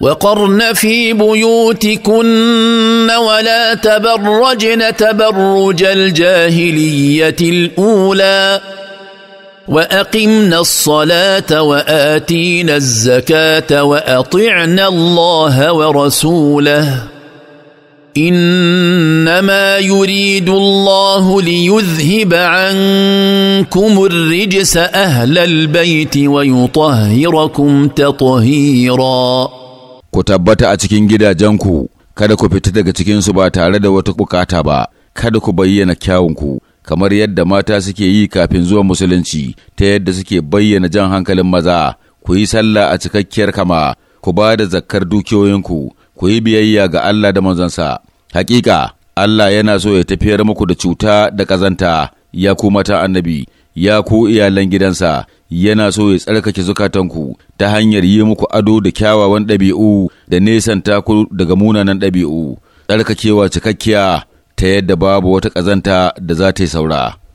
وقرن في بيوتكن ولا تبرجن تبرج الجاهليه الاولى واقمنا الصلاه واتينا الزكاه واطعنا الله ورسوله انما يريد الله ليذهب عنكم الرجس اهل البيت ويطهركم تطهيرا ku tabbata a cikin gidajenku, kada ku fita daga cikinsu ba tare da wata bukata ba, kada ku bayyana kyawunku, kamar yadda mata suke yi kafin zuwa musulunci, ta yadda suke bayyana jan hankalin maza, ku yi sallah a cikakkiyar kama, ku ba da zakkar dukiyoyinku, ku yi biyayya ga Allah da manzansa. Hakika, Allah yana so ya tafiyar muku da cuta da ƙazanta, ya ku mata annabi, ya ku iyalan gidansa, yana so ya tsarkake zukatanku ta hanyar yi muku ado da kyawawan ɗabi'u da nesan taku daga munanan ɗabi'u, tsarkakewa cikakkiya ta yadda babu wata ƙazanta da za ta yi saura.